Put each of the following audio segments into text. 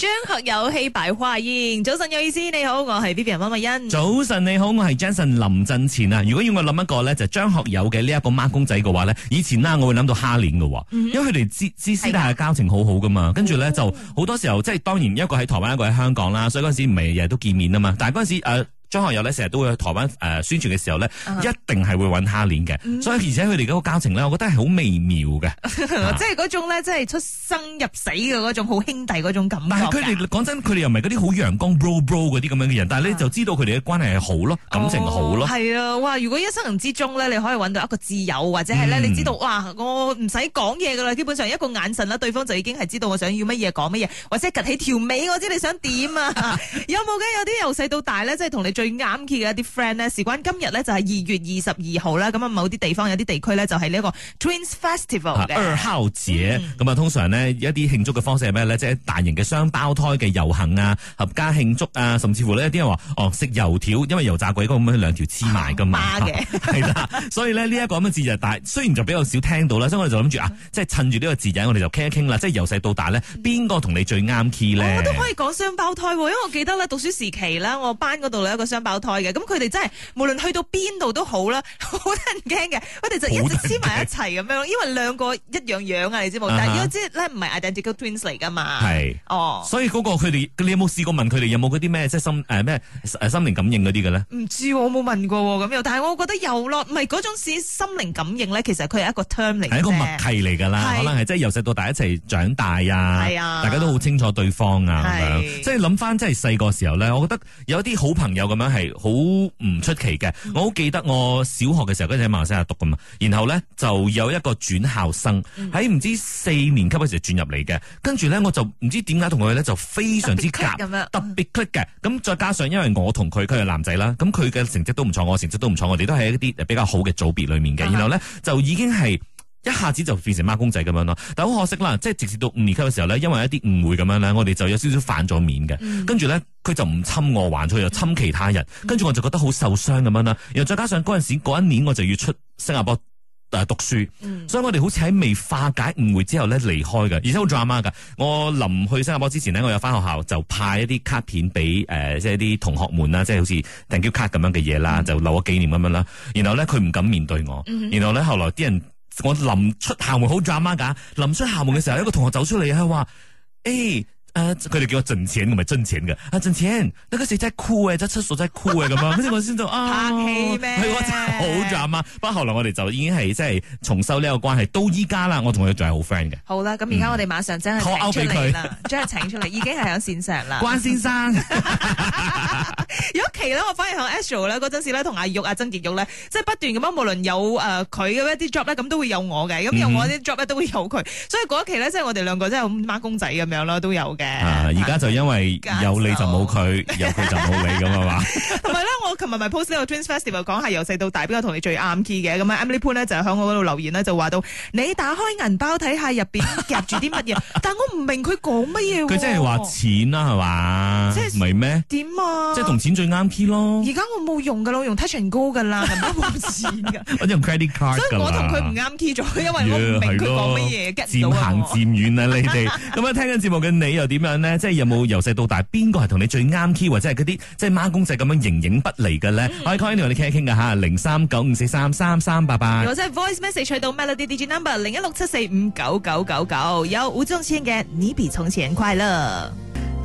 張學友戲《擺花宴》早晨有意思。你好，我係 Vivian 汪慧欣。早晨你好，我係 Jensen 林振前啊！如果要我諗一個咧，就係張學友嘅呢一個孖公仔嘅話咧，以前啦我會諗到哈林嘅，嗯、哼因為佢哋之之私底下嘅交情很好好噶嘛，跟住咧就好多時候即係當然一個喺台灣一個喺香港啦，所以嗰陣時唔係日日都見面啊嘛，但係嗰陣時誒。呃張學友咧成日都會去台灣誒宣傳嘅時候咧，uh huh. 一定係會揾哈林嘅。嗯、所以而且佢哋嗰個交情咧，我覺得係好微妙嘅， 是即係嗰種咧，即係出生入死嘅嗰種好兄弟嗰種感覺。但係佢哋講真，佢哋又唔係嗰啲好陽光 bro bro 嗰啲咁樣嘅人，但係咧就知道佢哋嘅關係係好咯，uh huh. 感情好咯。係、哦、啊，哇！如果一生人之中咧，你可以揾到一個摯友，或者係咧，你知道、嗯、哇，我唔使講嘢嘅啦，基本上一個眼神咧，對方就已經係知道我想要乜嘢講乜嘢，或者趌起條尾，我知道你想點啊？ 有冇嘅？有啲由細到大咧，即係同你。最啱 key 嘅一啲 friend 咧，事關今日咧就係二月二十二號啦。咁啊，某啲地方有啲地區咧就係呢一個 twins festival 嘅。二咁啊，通常呢，一啲慶祝嘅方式係咩咧？即係大型嘅雙胞胎嘅遊行啊，合家慶祝啊，甚至乎呢，一啲人話哦食油條，因為油炸鬼嗰咁樣兩條黐埋噶嘛。嘅係啦，所以呢，呢一個咁嘅字就但係雖然就比較少聽到啦，所以我哋就諗住啊，即係趁住呢個字眼我聊聊，我哋就傾一傾啦。即係由細到大咧，邊個同你最啱 key 咧？我都可以講雙胞胎，因為我記得咧讀書時期啦，我班嗰度有一個。雙胞胎嘅，咁佢哋真係無論去到邊度都好啦，好得人驚嘅，佢哋就一直黐埋一齊咁樣，因為兩個一樣樣啊，你知冇？但係即係咧唔係 identical twins 嚟噶嘛？係哦，所以嗰個佢哋，你有冇試過問佢哋有冇嗰啲咩即係心誒咩誒心靈感應嗰啲嘅咧？唔知我冇問過咁樣，但係我覺得有咯，唔係嗰種是心靈感應咧，其實佢係一個 term 嚟，係一個默契嚟噶啦，可能係即係由細到大一齊長大啊，係啊，大家都好清楚對方啊，咁樣，即係諗翻即係細個時候咧，我覺得有啲好朋友咁。咁係好唔出奇嘅，嗯、我好記得我小學嘅時候跟住喺馬來西亞讀噶嘛，然後咧就有一個轉校生喺唔、嗯、知四年級嗰時轉入嚟嘅，跟住咧我就唔知點解同佢咧就非常之夾，特別 c 嘅，咁、嗯、再加上因為我同佢佢係男仔啦，咁佢嘅成績都唔錯，我成績都唔錯，我哋都喺一啲比較好嘅組別裏面嘅，嗯、然後咧就已經係。一下子就變成孖公仔咁樣啦，但好可惜啦，即係直至到五年級嘅時候咧，因為一啲誤會咁樣咧，我哋就有少少反咗面嘅，嗯、跟住咧佢就唔侵我玩，還出去又侵其他人，嗯、跟住我就覺得好受傷咁樣啦。然後再加上嗰陣時嗰一年我就要出新加坡誒、呃、讀書，嗯、所以我哋好似喺未化解誤會之後咧離開嘅。而且好 drama 㗎，我臨去新加坡之前呢，我有翻學校就派一啲卡片俾誒、呃、即係啲同學們啦，即係好似 Thank you card 咁樣嘅嘢啦，嗯、就留個紀念咁樣啦。然後咧佢唔敢面對我，然後呢後來啲人。我臨出校門好 drama 㗎，臨出校門嘅時候，一個同學走出嚟啊，佢話，誒。誒，佢哋、呃、叫我掙錢，我咪掙錢嘅。阿、啊、掙錢，那個誰在哭係七廁所係哭嘅咁啊，住、那個、 我先做啊，哦、拍戲咩？係我好慘啊！不過後來我哋就已經係即係重修呢個關係，到依家啦，我同佢仲係好 friend 嘅。好啦，咁而家我哋馬上真係出嚟啦，真係請出嚟，已經係響線石啦。關先生，有一期咧，我反而向 Ashley 咧嗰陣時咧，同阿玉、阿曾傑玉咧，即係不斷咁樣，無論有誒佢嘅一啲 job 咧，咁都會有我嘅，咁有我啲 job 呢，都會有佢。有有嗯、所以嗰一期咧，即係我哋兩個真係孖公仔咁樣啦，都有。啊！而家就因為有你就冇佢，有佢就冇你咁啊嘛。 我琴日咪 post 呢個 Twins Festive，講係由細到大邊個同你最啱 key 嘅？咁啊 Emily p o n 咧就響我嗰度留言咧就話到你打開銀包睇下入邊夾住啲乜嘢，但我唔明佢講乜嘢。佢即係話錢啦係嘛，即係咪咩？點啊？即係同錢最啱 key 咯。而家我冇用噶咯，用 Tension o 高噶啦，都冇錢噶，我用 Credit Card。所以講到佢唔啱 key 咗，因為我唔明佢講乜嘢，夾漸行漸遠啊，你哋咁啊！聽緊節目嘅你又點樣咧？即係有冇由細到大邊個係同你最啱 key，或者係嗰啲即係孖公仔咁樣形影不？嚟嘅咧，可以 call 呢度同你傾一傾噶嚇，零三九五四三三三八八，或者係 voice message 到 Melody digit number 零一六七四五九九九九，有無盡獻給你，比從前快樂。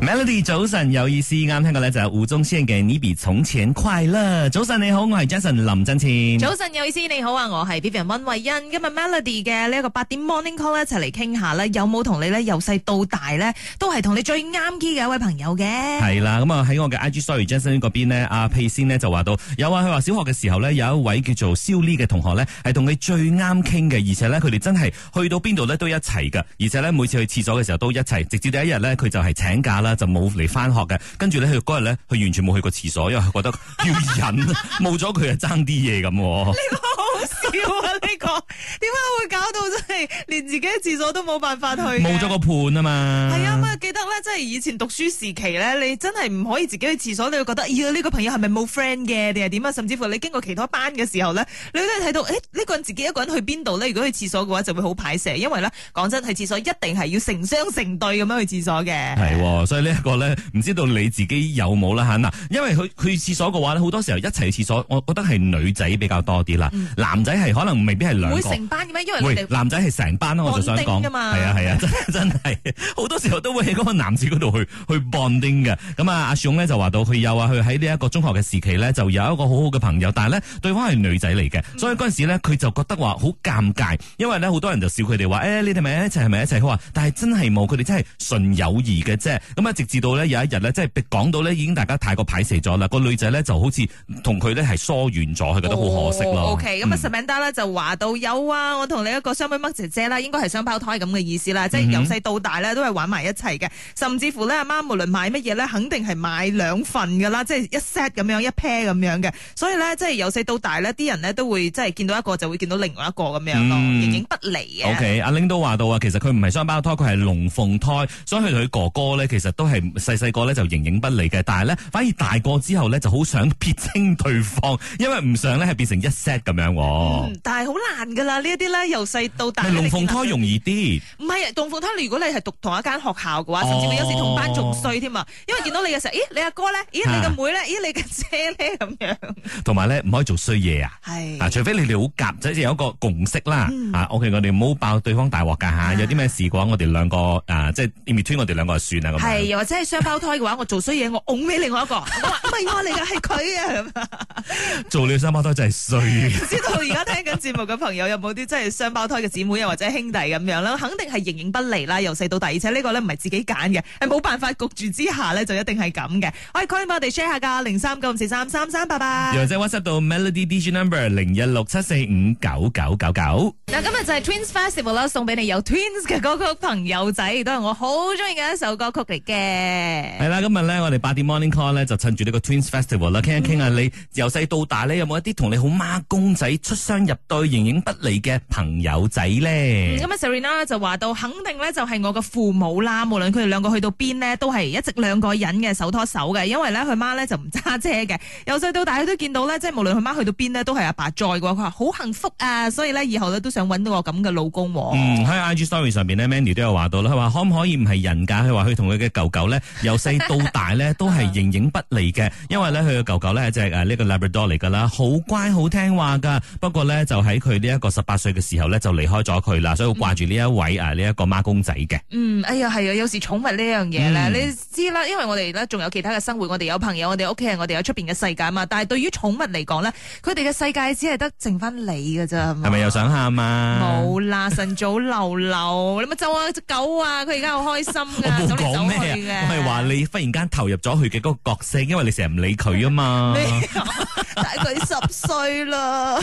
Melody 早晨有意思，啱聽過咧就胡忠先嘅你 i 從前快樂。早晨你好，我係 Jason 林振前。早晨有意思你好啊，我係 v i a n 溫慧欣。今日 Melody 嘅呢一個八點 morning call 一齊嚟傾下咧，有冇同你咧由細到大咧都係同你最啱 key 嘅一位朋友嘅？係啦，咁啊喺我嘅 IG story Jason 嗰邊咧，阿 p a c 就話到有啊，佢話小學嘅時候咧有一位叫做 Sally 嘅同學咧係同你最啱傾嘅，而且咧佢哋真係去到邊度咧都一齊噶而且咧每次去廁所嘅時候都一齊，直至第一日咧佢就係請假。就冇嚟返學嘅，跟住咧佢嗰日咧，佢完全冇去過廁所，因為佢覺得要忍，冇咗佢啊爭啲嘢咁。呢個好笑啊呢、 呢個。點解會搞到真係連自己嘅廁所都冇辦法去？冇咗個伴啊嘛！係啊，咁啊記得咧，即係以前讀書時期咧，你真係唔可以自己去廁所，你會覺得，咦呢、呢個朋友係咪冇 friend 嘅，定係點啊？甚至乎你經過其他班嘅時候咧，你都係睇到，誒、欸、呢、呢個人自己一個人去邊度咧？如果去廁所嘅話，就會好排蛇，因為咧，講真，去廁所一定係要成雙成對咁樣去廁所嘅。係，所以這個呢一個咧，唔知道你自己有冇啦吓嗱，因為佢去廁所嘅話好多時候一齊去廁所，我覺得係女仔比較多啲啦，嗯、男仔係可能未必係女。成班嘅咩？因為喂男仔係成班咯，我就想講㗎嘛。係啊係啊，啊，真真係好多時候都會喺嗰個男子嗰度去去 bonding 嘅。咁啊，阿聶咧，就話到佢又啊，佢喺呢一個中學嘅時期呢，就有一個好好嘅朋友，但係呢，對方係女仔嚟嘅，所以嗰陣時咧佢就覺得話好尷尬，因為咧好多人就笑佢哋話，你哋咪一齊，係咪一齊？好話、啊，但係真係冇，佢哋真係純友誼嘅啫。咁啊，直至到呢，有一日呢，即係講到呢，已經大家太過排斥咗啦，個女仔呢，就好似同佢呢係疏遠咗，佢覺得好可惜咯。O K，咁啊 Samantha 咧就話到。Okay, 嗯有啊，我同你一個雙妹嘜姐姐啦，應該係雙胞胎咁嘅意思啦，即係由細到大咧都係玩埋一齊嘅，嗯、哼甚至乎咧阿媽無論買乜嘢咧，肯定係買兩份㗎喇，即係一 set 咁樣，一 pair 咁樣嘅，所以咧即係由細到大咧，啲人咧都會即係見到一個就會見到另外一個咁樣咯，形影、嗯、不離啊。O、okay, K，阿玲都話到啊，其實佢唔係雙胞胎，佢係龍鳳胎，所以佢同佢哥哥咧其實都係細細個咧就形影不離嘅，但係咧反而大個之後咧就好想撇清對方，因為唔想咧係變成一 set 咁樣。嗯、但係好難。呢一啲咧由細到大，龍鳳胎容易啲。唔係，龍鳳胎如果你係讀同一間學校嘅話，哦、甚至你有時同班仲衰添啊！因為見到你嘅時候，咦，你阿哥咧？咦，你嘅妹咧，啊？咦，你嘅姐咧？咁樣呢。同埋咧唔可以做衰嘢啊。係是。除非你哋好夾，即係有一個共識啦。嗯啊、o、okay, k 我哋唔好爆對方大鑊噶吓。啊啊、有啲咩事嘅話，我哋兩個啊，即係面面推我哋兩個就算啦。係，又或者係雙胞胎嘅話，我做衰嘢我㧬俾另外一個，唔係我嚟噶，係佢 啊。做你雙胞胎真係衰。知道而家聽緊節目嘅朋友。有冇啲即係雙胞胎嘅姊妹，又或者兄弟咁樣咧？肯定係形影不離啦，由細到大，而且呢個咧唔係自己揀嘅，係冇辦法焗住之下咧，就一定係咁嘅。可以 c 幫我哋 share 下㗎，零三九五四三三三，八八。又或者 WhatsApp 到 Melody d i Number 零一六七四五九九九九。嗱，今日就係 Twins Festival 啦，送俾你有 Twins 嘅歌曲《朋友仔》，都係我好中意嘅一首歌曲嚟嘅。係啦，今日咧我哋八點 Morning Call 咧，就趁住呢個 Twins Festival 啦，傾一傾下你由細到大咧，有冇一啲同你好孖公仔出雙入對、形影不？你嘅朋友仔咧，咁啊、嗯、Sarina 就話到，肯定咧就係我嘅父母啦。無論佢哋兩個去到邊呢，都係一直兩個人嘅手拖手嘅。因為咧佢媽咧就唔揸車嘅，由細到大佢都見到咧，即係無論佢媽去到邊呢，都係阿爸載嘅。佢話好幸福啊，所以咧以後咧都想揾到我咁嘅老公。嗯，喺 IG story 上邊咧 Mandy 都有話到啦，佢話可唔可以唔係人㗎？佢話佢同佢嘅狗狗咧，由細到大咧 都係形影不離嘅。 因為咧佢嘅狗狗咧就係呢個 Labrador 嚟噶啦，好乖好聽話噶。不過咧就喺佢呢一十八歲嘅時候咧，就離開咗佢啦，所以掛住呢一位、嗯、啊呢一、呢個孖公仔嘅。嗯，哎呀，係啊，有時寵物呢樣嘢咧，嗯、你知啦，因為我哋咧仲有其他嘅生活，我哋有朋友，我哋屋企人，我哋有出邊嘅世界啊嘛。但係對於寵物嚟講呢，佢哋嘅世界只係得剩翻你㗎咋係咪？係咪又想喊嘛？冇啦，晨早流流。 你咪走啊隻狗啊，佢而家好開心噶。冇講咩啊，唔係話你忽然間投入咗佢嘅嗰個角色，因為你成日唔理佢啊嘛。 但佢十歲啦。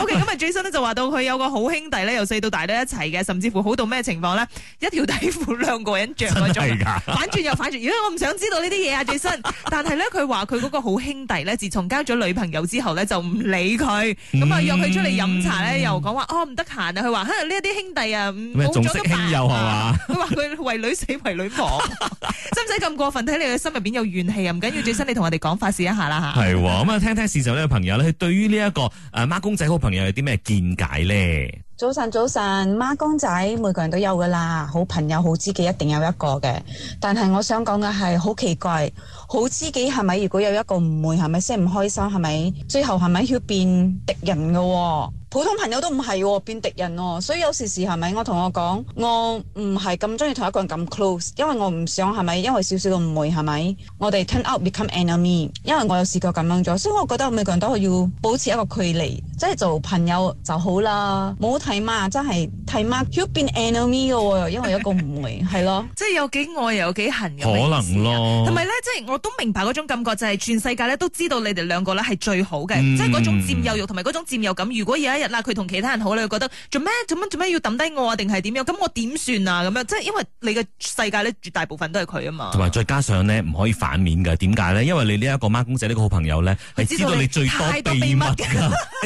O K，今日最新咧就。話到佢有個好兄弟咧，由細到大都一齊嘅，甚至乎好到咩情況咧？一條底褲兩個人着咗。的的反轉又反轉。如果我唔想知道呢啲嘢啊，最新。但係咧，佢話佢嗰個好兄弟咧，自從交咗女朋友之後咧，就唔理佢。咁啊、嗯，約佢出嚟飲茶咧，又講話哦唔得閒啊。佢話呢一啲兄弟啊，冇咗個朋友係嘛？佢話佢為女死為女亡，使唔使咁過分？睇你嘅心入邊有怨氣啊？唔緊要，最新你同我哋講，試一下啦吓。係咁啊，聽聽事實咧，朋友咧，佢對於呢一個誒孖公仔好朋友有啲咩建議？解咧，早晨早晨，孖公仔，每個人都有噶啦，好朋友好知己一定有一個嘅。但係我想講嘅係好奇怪，好知己係咪如果有一個誤會，係咪先唔開心，係咪最後係咪要變敵人噶哦？普通朋友都唔係喎，變敵人喎、哦，所以有時時係咪？我同我講，我唔係咁中意同一個人咁 close，因為我唔想係咪？因為少少嘅誤會係咪？我哋 turn out become enemy，因為我有試過咁樣咗，所以我覺得每個人都要保持一個距離，即係做朋友就好啦。冇睇嘛，真係睇嘛，變 enemy 嘅喎、哦，因為一個誤會，係咯，即係有幾愛，有幾恨有可能咯。同埋咧，即係我都明白嗰種感覺，就係全世界咧都知道你哋兩個咧係最好嘅，即係嗰種佔有慾同埋嗰種佔有感。如果有一嗱佢同其他人好咧，你覺得做咩做咩？做咩？要抌低我啊？定係點樣？咁我點算啊？咁樣即係因為你嘅世界咧，絕大部分都係佢啊嘛。同埋再加上咧，唔可以反面噶。點解咧？因為你呢一個孖公仔呢個好朋友咧，係知道你最多秘密噶，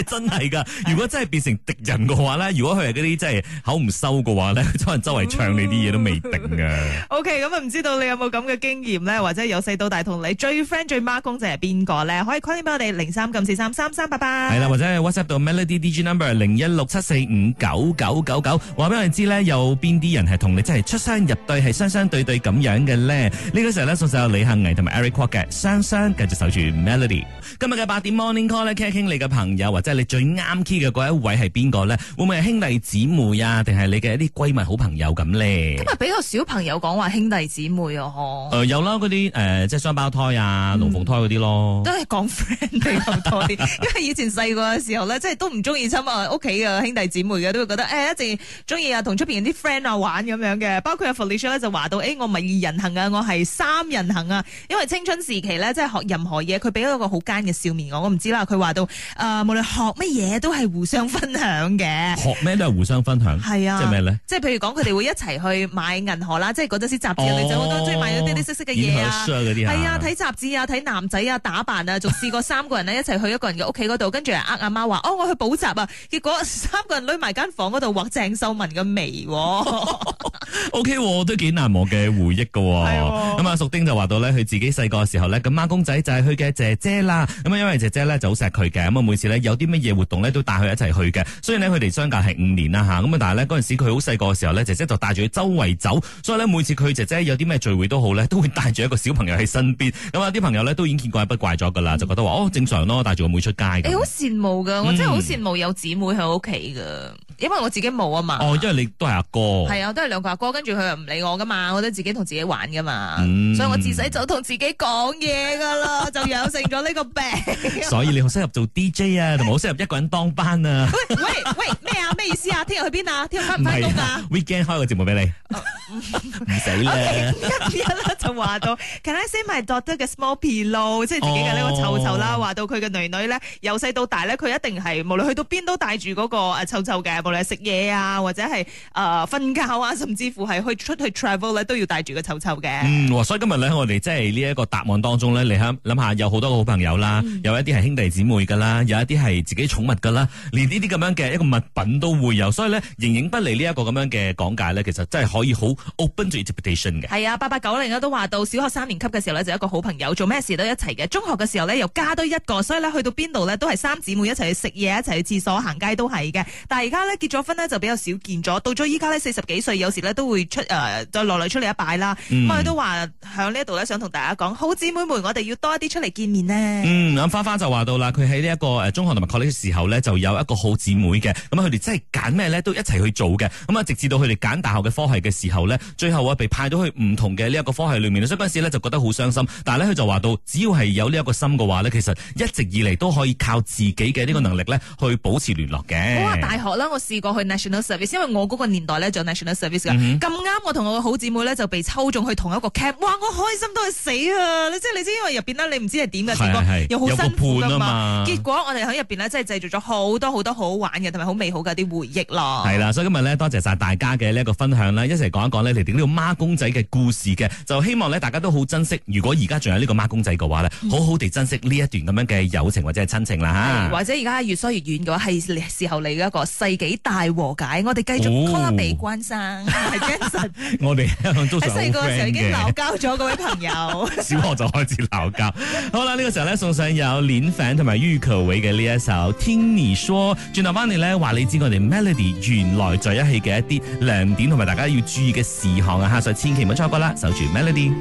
真係噶。如果真係變成敵人嘅話咧，如果佢係嗰啲真係口唔收嘅話咧，可能周圍唱你啲嘢都未定噶。OK，咁啊唔知道你有冇咁嘅經驗咧？或者由細到大同你最 friend 最孖公仔係邊個咧？可以 call 俾我哋零三九四三三三八八。係啦，或者 WhatsApp 到 Melody number 零一六七四五九九九九，話俾我哋知咧，有邊啲人係同你真係出雙入對，係雙雙對對咁樣嘅咧？呢、這個時候咧、ok，送上李幸倪同埋 Eric Kwok 嘅《雙雙》，繼續守住 Melody。今日嘅八點 Morning Call 咧，傾一傾你嘅朋友，或者你最啱 key 嘅嗰一位係邊個咧？會唔會係兄弟姊妹啊？定係你嘅一啲閨蜜、好朋友咁咧？咁啊、嗯，今日比較小朋友講話兄弟姊妹哦，嗬。誒，有啦，嗰啲誒，即係雙胞胎啊、龍鳳胎嗰啲咯，嗯、都係講 friend 比較多啲，因為以前細個嘅時候咧，即係 都唔中意。咁啊，屋企嘅兄弟姊妹嘅都會覺得誒一直中意啊同出邊啲 friend 啊玩咁樣嘅，包括阿 Felicia 咧就話到誒、欸、我唔係二人行啊，我係三人行啊，因為青春時期咧即係學任何嘢，佢俾咗個好奸嘅笑面我，我唔知啦。佢話到誒、呃、無論學乜嘢都係互相分享嘅，學咩都係互相分享，係啊，即係咩咧？即係譬如講佢哋會一齊去買銀河啦， 即係嗰陣時雜誌女仔好多中意買嗰啲色色嘅嘢啊，係啊，睇雜誌啊，睇男仔啊打扮啊，仲、啊啊、試過三個人咧一齊去一個人嘅屋企嗰度，跟住呃阿媽話哦我去補習啊。結果三個人匿埋間房嗰度畫鄭秀文嘅眉。 O、okay、K，哦、都幾難忘嘅回憶噶、哦。咁阿、 哎、呦淑丁就話到咧，佢自己細個嘅時候咧，咁孖公仔就係佢嘅姐姐啦。咁啊，因為姐姐咧就好錫佢嘅，咁啊，每次咧有啲乜嘢活動咧，都帶佢一齊去嘅。雖然咧，佢哋相隔係五年啦吓。咁但係咧嗰陣時佢好細個嘅時候咧，姐姐就帶住佢周圍走。所以咧，每次佢姐姐有啲咩聚會都好咧，都會帶住一個小朋友喺身邊。咁啊，啲朋友咧都已經見怪不怪咗噶啦，就覺得話、嗯、哦，正常咯，帶住個妹出街嘅。你好羨慕噶，我真係好羨慕有姊妹喺屋企噶，嗯、因為我自己冇啊嘛、哦。因為你都係阿哥，係啊，都係兩個。過跟住佢又唔理我噶嘛，我都自己同自己玩噶嘛，所以我自細就同自己講嘢噶啦，就養成咗呢個病。所以你好適合做 DJ 啊，同埋好適合一個人當班啊。喂喂喂，咩啊？咩意思啊？聽日去邊啊？聽日翻唔翻工啊？Weekend 開個節目俾你。唔使喇，今日咧就話到，Can I say my daughter 嘅 small pillow，即係自己嘅呢個臭臭啦？話到佢嘅女女咧，由細到大咧，佢一定係無論去到邊都帶住嗰個誒臭臭嘅，無論係食嘢啊，或者係誒瞓覺啊，甚至，幾乎係去出去 travel 咧，都要帶住個臭臭嘅。嗯，所以今日咧，我哋即係呢一個答案當中咧，你肯諗下有好多個好朋友啦，嗯、有一啲係兄弟姊妹噶啦，有一啲係自己寵物噶啦，連呢啲咁樣嘅一個物品都會有。所以咧，形影不離呢一個咁樣嘅講解咧，其實真係可以好 open to interpretation 嘅。係啊，八八九零都話到，小學三年級嘅時候呢，就有一個好朋友，做咩事都一齊嘅。中學嘅時候呢，又加多一個，所以呢，去到邊度呢，都係三姊妹一齊去食嘢，一齊去廁所、行街都係嘅。但係而家呢，結咗婚呢，就比較少見咗。到咗依家呢，四十幾歲，有時呢都會出誒、呃，再落嚟出嚟一拜啦。咁佢都話喺呢一度咧，想同大家講，好姊妹們，我哋要多一啲出嚟見面呢。」嗯，咁花花就話到啦，佢喺呢一個誒中學同埋 college 嘅時候呢，就有一個好姊妹嘅。咁佢哋真係揀咩咧都一齊去做嘅。咁啊，直至到佢哋揀大學嘅科系嘅時候呢，最後啊被派到去唔同嘅呢一個科系裏面，所以嗰陣時咧就覺得好傷心。但係咧，佢就話到，只要係有呢一個心嘅話呢，其實一直以嚟都可以靠自己嘅呢個能力呢、嗯、去保持聯絡嘅。哇！大學啦，我試過去 national service，因為我嗰個年代咧就 national service 嘅。嗯咁啱，嗯、我同我個好姊妹咧就被抽中去同一個 cap，哇！我開心都係死啊！你即係你知，因為入邊呢，你唔知係點嘅情況，是是又好辛苦噶嘛。結果我哋喺入邊咧，真係製造咗好多好多好好玩嘅，同埋好美好嘅啲回憶咯。係啦，所以今日咧多謝晒大家嘅呢一個分享啦，一齊講一講呢，嚟點呢個孖公仔嘅故事嘅，就希望呢，大家都好珍惜。如果而家仲有呢個孖公仔嘅話呢，好好地珍惜呢一段咁樣嘅友情或者係親情啦吓、嗯。或者而家越疏越遠嘅話，係時候嚟一個世紀大和解。我哋繼續 call 美關生。哦 我哋都成日 friend 嘅四個就已經鬧交咗嗰位朋友，小學就開始鬧交。好啦，呢個時候咧送上有 Lin Fan 同埋 Yu Ko Wai 嘅呢一首《Tiny Show》。轉頭翻嚟咧，話你知我哋 Melody 原來在一起嘅一啲亮點同埋大家要注意嘅事項啊！下集千祈唔好錯過啦，守住 Melody。